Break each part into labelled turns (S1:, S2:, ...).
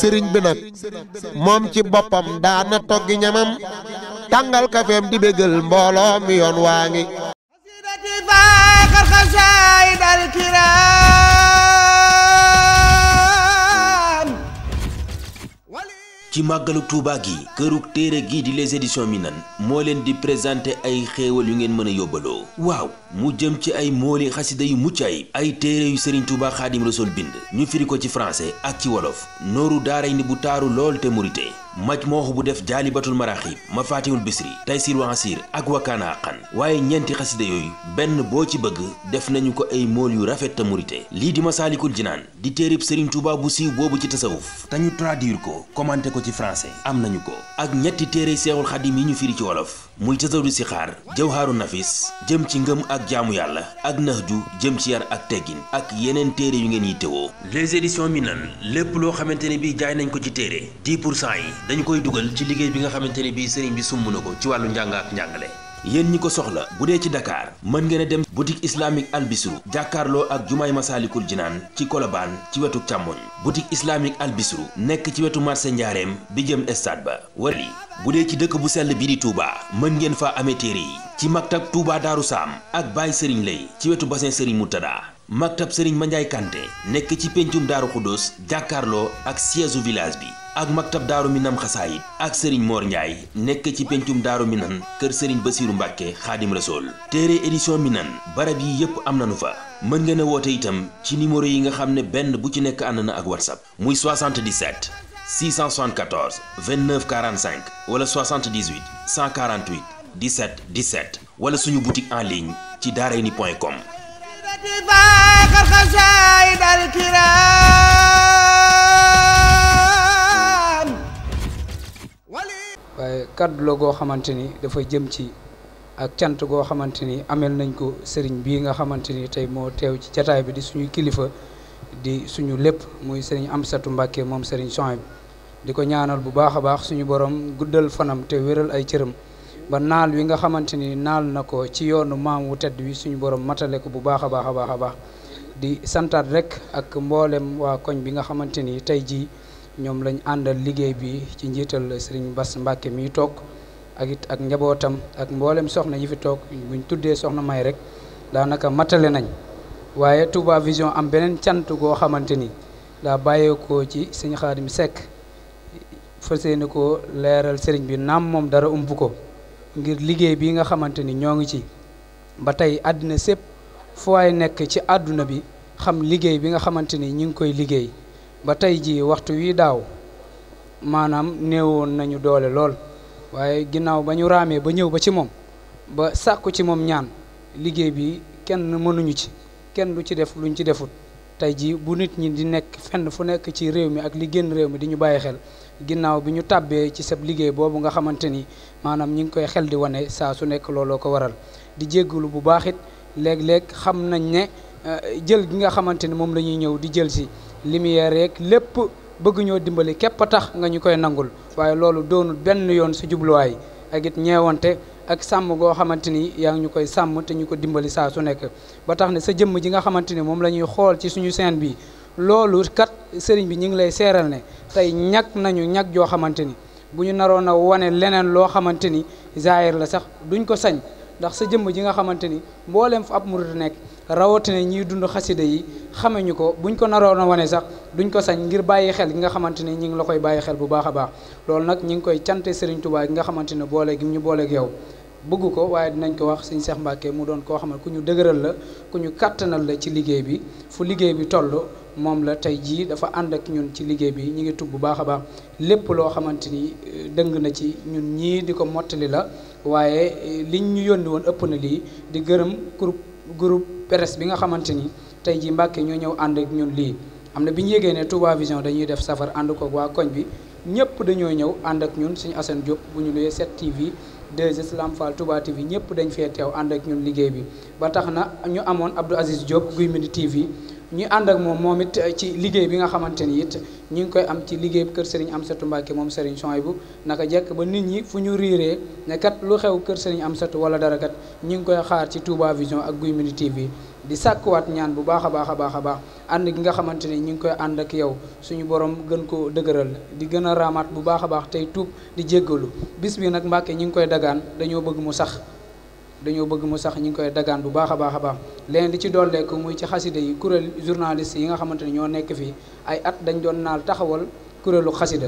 S1: sëriñ bi nag moom ci boppam daana toggi ñamam tàngal kafeem di bégal mbooloo mi yoon waa ngi
S2: ci màggalu Touba gi kërug téere gi di les éditions Minane moo leen di présenté ay xéewal yu ngeen mën a yóbbaloo waaw mu jëm ci ay mooli xasida yu mucc ay ay téere yu Serigne Touba Xaadim Rasul bind ñu firi ko ci français ak ci wolof nooru daaray ni bu taaru lool te murite moo bu def jaalibatul maraaxib mafaatihul bisri taysiir wa asiir ak wakaana xan waaye ñeenti xasida yooyu benn boo ci bëgg def nañu ko ay mool yu rafet te lii di ma masaalikul jinaan di téerib Serigne Touba bu siiw boobu ci tasawuf te ñu traduire ko commenté ko ci français am nañu ko ak ñetti téere seexul xadim yi ñu firi ci wolof muy tasawdu si xaar jëw jawhaaru nafis jëm ci ngëm ak jaamu yàlla ak naxju jëm ci yar ak teggin ak yeneen téere yu ngeen yittewoo les éditions Minane lépp loo xamante ne bii jaay nañ ko ci téere 10 pour cent yi dañu koy dugal ci liggéey bi nga xamante ni bii sëriñ bi sumb na ko ci wàllu njàng ak njàngale. yéen ñi ko soxla bu dee ci Dakar mën ngeen a dem boutique islamique albisru jàkkaarloo ak jumaay masaalikul jinaan ci kolobaan ci wetu càmmoñ boutique islamique albisru nekk ci wetu marché njaareem bi jëm stade ba wali bu dee ci dëkk bu sell bi di Touba mën ngeen fa amee téere yi ci maktab Touba Daaru Saam ak Baye Serigne Lay ci wetu bassin Serigne Moutada maktab sëriñ Mandiaye Kanté nekk ci péncum daaru xuddoos jàkkaarloo ak siège village bi ak maktab daaru minam xasaayit ak sëriñ Mor Ndiaye nekk ci péncum daaru minan kër sëriñ Basiiru Mbàkke xaadim rasool téere édition minan barab yi yépp am nanu fa mën ngeen a woote itam ci numéro yi nga xam ne benn bu ci nekk ànd na ak whatsapp muy 77 674 29 45 wala 78 148 17 17 wala suñu boutique en ligne ci daareeni point com
S3: waaye kàddu goo xamante ni dafa jëm ci ak cant goo xamante ni amel nañ ko sëriñ bii nga xamante ni tey moo teew ci jataay bi di suñu kilifa di suñu lépp muy sëriñ Amsatu Mbàkke moom sëriñ Sohayb bi di ko ñaanal bu baax a baax suñu borom guddal fanam te wéral ay cëram ba naal wi nga xamante ni naal na ko ci yoonu maam wu tedd wi suñu borom matale ko bu baax a baax a baax a baax di santaat rek ak mboolem waa koñ bi nga xamante ni tey jii ñoom lañ àndal liggéey bi ci njiital Serigne bas mbàkke mi toog ak it ak njabootam ak mbooleem soxna yi fi toog buñ tuddee soxna may rek daanaka matale nañ waaye Touba Vision am beneen cant goo xamante ni daa bàyyeekoo ci sëñ Xaadim Seck fa yéene ko leeral sëriñ bi naam moom dara ump ko ngir liggéey bi nga xamante ni ñoo ngi ci ba tey àddina sépp fu waay nekk ci àdduna bi xam liggéey bi nga xamante ni ñu ngi koy liggéey ba tey ji waxtu wi daaw maanaam woon nañu doole lool waaye ginnaaw ba ñu raamee ba ñëw ba ci moom ba sàkku ci moom ñaan liggéey bi kenn mënuñu ci kenn lu ci def luñ ci defut tey jii bu nit ñi di nekk fenn fu nekk ci réew mi ak li génn réew mi di ñu bàyyi xel ginnaaw bi ñu tàbbee ci sab liggéey boobu nga xamante ni maanaam ñi ngi koy xel di wane saa su nekk looloo ko waral di jéggalu bu baax it léeg-léeg xam nañ ne eh, jël gi nga xamante ni moom la ñuy ñëw di jël si lumière yeeg lépp bëgguñoo dimbali képp a tax nga ñu koy nangul waaye loolu doonul benn yoon sa jubluwaay ak it ñeewante ak sàmm goo xamante ni yaa ngi ñu koy sàmm te ñu ko dimbali saa su nekk ba tax ne sa jëmm ji nga xamante ni moom la ñuy xool ci suñu seen bi loolu kat sëriñ bi ñu ngi lay seeral ne tey ñag nañu ñag joo xamante ni bu ñu naroon a wane leneen loo xamante ni zaahir la sax duñ ko sañ ndax sa jëmm ji nga xamante ni mboolem fu ab murid nekk rawatina ñiy dund xasida yi xame ñu ko buñ ko naroon a wane sax duñ ko sañ ngir bàyyi xel gi nga xamante ni ñi ngi la koy bàyyi xel bu baax a baax loolu nag ñi ngi koy cante Sëriñ Tuubaa gi nga xamante ni boole gi ñu booleeg yow bëgg ko waaye dinañ ko wax sëñ Cheikh Mbacke mu doon koo xam ne ku ñu dëgëral la ku ñu kàttanal la ci liggéey bi fu liggéey bi toll moom la tey jii dafa ànd ak ñun ci liggéey bi ñu ngi tub bu baax a baax lépp loo xamante ni euh, dëng na ci ñun ñii di ko mottali la waaye euh, liñ ñu yónni woon ëpp na lii di gërëm groupe groupe presse bi nga xamante ni tey jii Mbacke ñoo ñëw ànd ak ñun lii am na bi ñu yégee ne Vision dañuy def safar ànd ko waa koñ bi ñëpp dañoo ñëw ànd ak ñun suñu Assane Diop bu ñu luyee 7TV 2S Lamp Fall TV ñëpp dañ fee teew ànd ak ñun liggéey bi ba tax na ñu amoon Abdou Aziz Diop Guy Mbind TV ñu ànd ak moom moom it eh, ci liggéey bi nga xamante ni it ñu ngi koy am ci liggéey bu kër Serigne Amsatou Mbacke moom Serigne Souhaïbou naka jekk ba nit ñi fu ñu riiree ne kat lu xew kër am Amsatou wala dara kat ñu ngi koy xaar ci Touba Vision ak Guy Mbind TV. di sàkkuwaat ñaan bu baax a baax a baax a baax ànd gi nga xamante ni ñu ngi koy ànd ak yow suñu boroom gën koo dëgëral di gën a raamaat bu baax a baax tey tuub di jéggalu bis bi nag Mbàkke ñu ngi koy dagaan dañoo bëgg mu sax dañoo bëgg mu sax ñu ngi koy dagaan bu baax a baax a baax leneen li ci ko muy ci xasida yi kuréel journaliste yi nga xamante ni ñoo nekk fii ay at dañ doon naal taxawal kuréelu xasida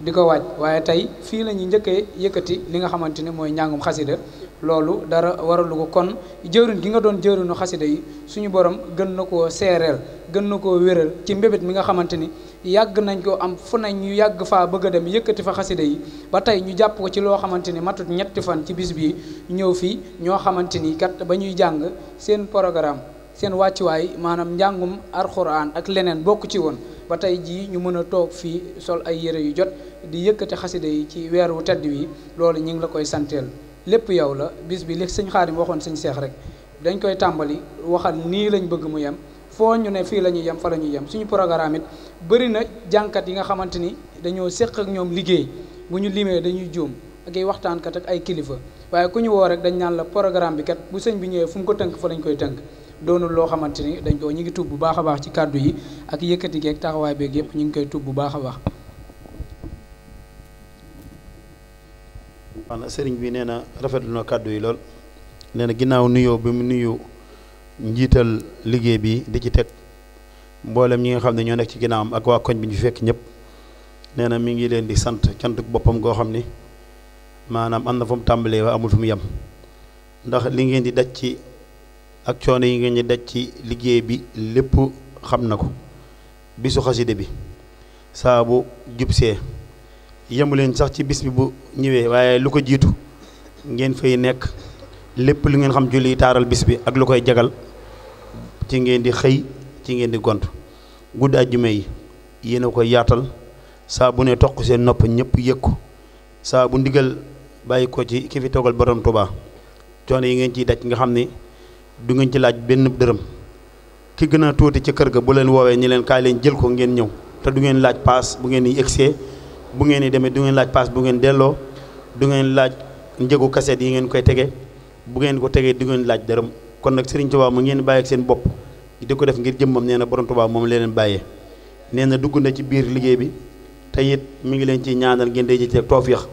S3: di ko waaj waaye tey fii la ñuy njëkkee yëkkati li nga xamante ni mooy njàngum xasida loolu dara waralu ko kon jëwriñ gi nga doon jëwriñu xasida yi suñu borom gën na ko seereel gën na ko wéral ci mbébét mi nga xamante ni yàgg nañ ko am fu nañ ñu yàgg faa bëgg a dem yëkkati fa xasida yi ba tey ñu jàpp ko ci loo xamante ni matut ñetti fan ci bis bi ñëw fii ñoo xamante ni kat ba ñuy jàng seen programme seen wàccuwaay maanaam njàngum alxuraan ak leneen bokk ci woon ba tey jii ñu mën a toog fii sol ay yëre yu jot di yëkkati xasida yi ci weer tedd wi loolu ñu ngi la koy santeel lépp yow la bis bi li sëñ Xaadim waxoon sëñ Seex rek dañ koy tàmbali waxal nii lañ bëgg mu yem foo ñu ne fii la ñuy yem fa la ñuy yem suñu programme it bëri na jànkat yi nga xamante ni dañoo séq ak ñoom liggéey bu ñu limee dañuy juum ak ay waxtaankat ak ay kilifa waaye ku ñu woo rek dañ naan la programme bi kat bu sëñ bi ñëwee fu mu ko tënk fa lañu koy tënk doonul loo xamante ni dañ ko ñu ngi tub bu baax a baax ci kàddu yi ak yëkkati geeg taxawaay beeg yëpp ñu ngi koy tub bu baax a baax
S4: maanaam sëriñ bi nee na rafetlu na kàddu yi lool nee na ginnaaw nuyoo bi mu nuyu njiital liggéey bi di ci teg mboolem ñi nga xam ne ñoo nekk ci am ak waa koñ bi ñu fekk ñëpp nee na mi ngi leen di sant cant boppam goo xam ne maanaam am na fu mu tàmbalee wa amul fu mu yem ndax li ngeen di daj ci ak coono yi ngeen di daj ci liggéey bi lépp xam na ko bisu xaside bi saabu jubsee yemu leen sax ci bis bi bu ñëwee waaye lu ko jiitu ngeen fay nekk lépp lu ngeen xam julli taaral bis bi ak lu koy jagal ci ngeen di xëy ci ngeen di gont guddi àjjuma yi yéen a koy yaatal saa bu ne toq seen nopp ñëpp yëg ko saa bu ndigal bàyyi ko ci ki fi toogal borom Tuubaa coono yi ngeen ciy daj nga xam ne du ngeen ci laaj benn dërëm ki gën a tuuti ci kër ga bu leen woowee ñi leen kaay leen jël ko ngeen ñëw te du ngeen laaj paas bu ngeen di egsee bu ngeen di demee du ngeen laaj paas bu ngeen delloo du ngeen laaj njëgu kaset yi ngeen koy tege bu ngeen ko tegee du ngeen laaj dërëm kon nag Serigne Touba mu ngeen bàyyi ak seen bopp di ko def ngir jëmmam nee na borom Touba moom leneen bàyyee nee na dugg na ci biir liggéey bi te it mi ngi leen ci ñaanal ngeen day jëcc tawfeex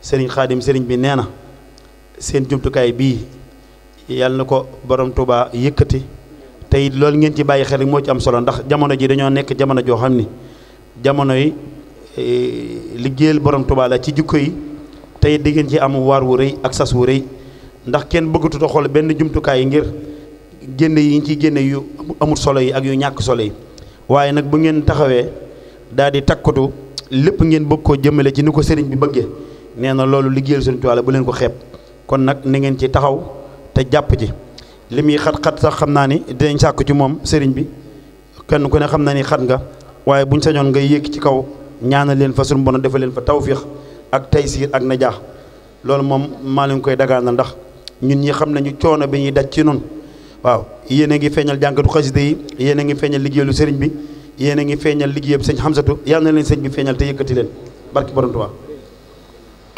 S4: Serigne xaadim sëriñ bi nee na seen jumtukaay bii yàlla na ko borom Touba yëkkati te it loolu ngeen ci bàyyi xel moo ci am solo ndax jamono ji dañoo nekk jamono joo xam ni jamono yi. Eh, liggéeyal borom Tuubaa la ci jukko yi tey di ngeen ci am waar wu rëy ak sas wu rëy ndax kenn bëggatut a xool benn jumtukaay yi ngir génne yi ci ciy génne yu amul solo yi ak yu ñàkk solo yi waaye nag bu ngeen taxawee daal di takkatu lépp ngeen bëgg koo jëmale ci ni ko sëriñ bi bëggee nee na loolu liggéeyal Sëriñ Tuubaa la bu leen ko xeeb kon nag ni ngeen ci taxaw te jàpp ci li muy xat-xat sax xam naa ni dinañ sàkk ci moom sëriñ bi kenn ku ne xam na ni xat nga waaye buñ sañoon ngay yéeg ci kaw. ñaanal leen fa suñu bon defal leen fa tawfiix ak taysiir ak na najaax loolu moom maa leen koy dagaanal ndax ñun ñi xam nañu coono bi ñuy daj ci noonu waaw yéen a ngi feeñal jànkatu xasida yi yéen a ngi feeñal liggéeyalu sëriñ bi yéen a ngi feeñal liggéeyab sëñ Xamsatu yàlla na leen sëñ bi feeñal te yëkkati leen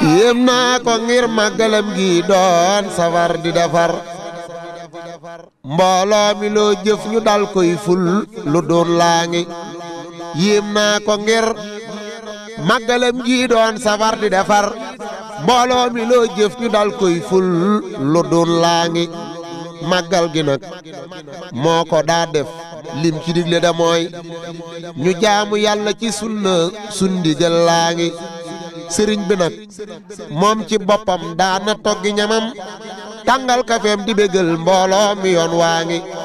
S1: yéem naa ko ngir màggalam gi doon safar di defar mbooloo mi loo jëf ñu dal koy ful lu doon laa ngi yéem naa ko ngir màggalam gii doon safar di defar mbooloo mi loo jëf ñu dal koy ful lu dun laa ngi màggal gi nag moo ko daa def lim ci digle da ñu jaamu yàlla ci sunna sundigal laa ngi sëriñ bi nag moom ci boppam daana toggi ñamam tàngal kafeem di bégal mbooloo mi yoon waa ngi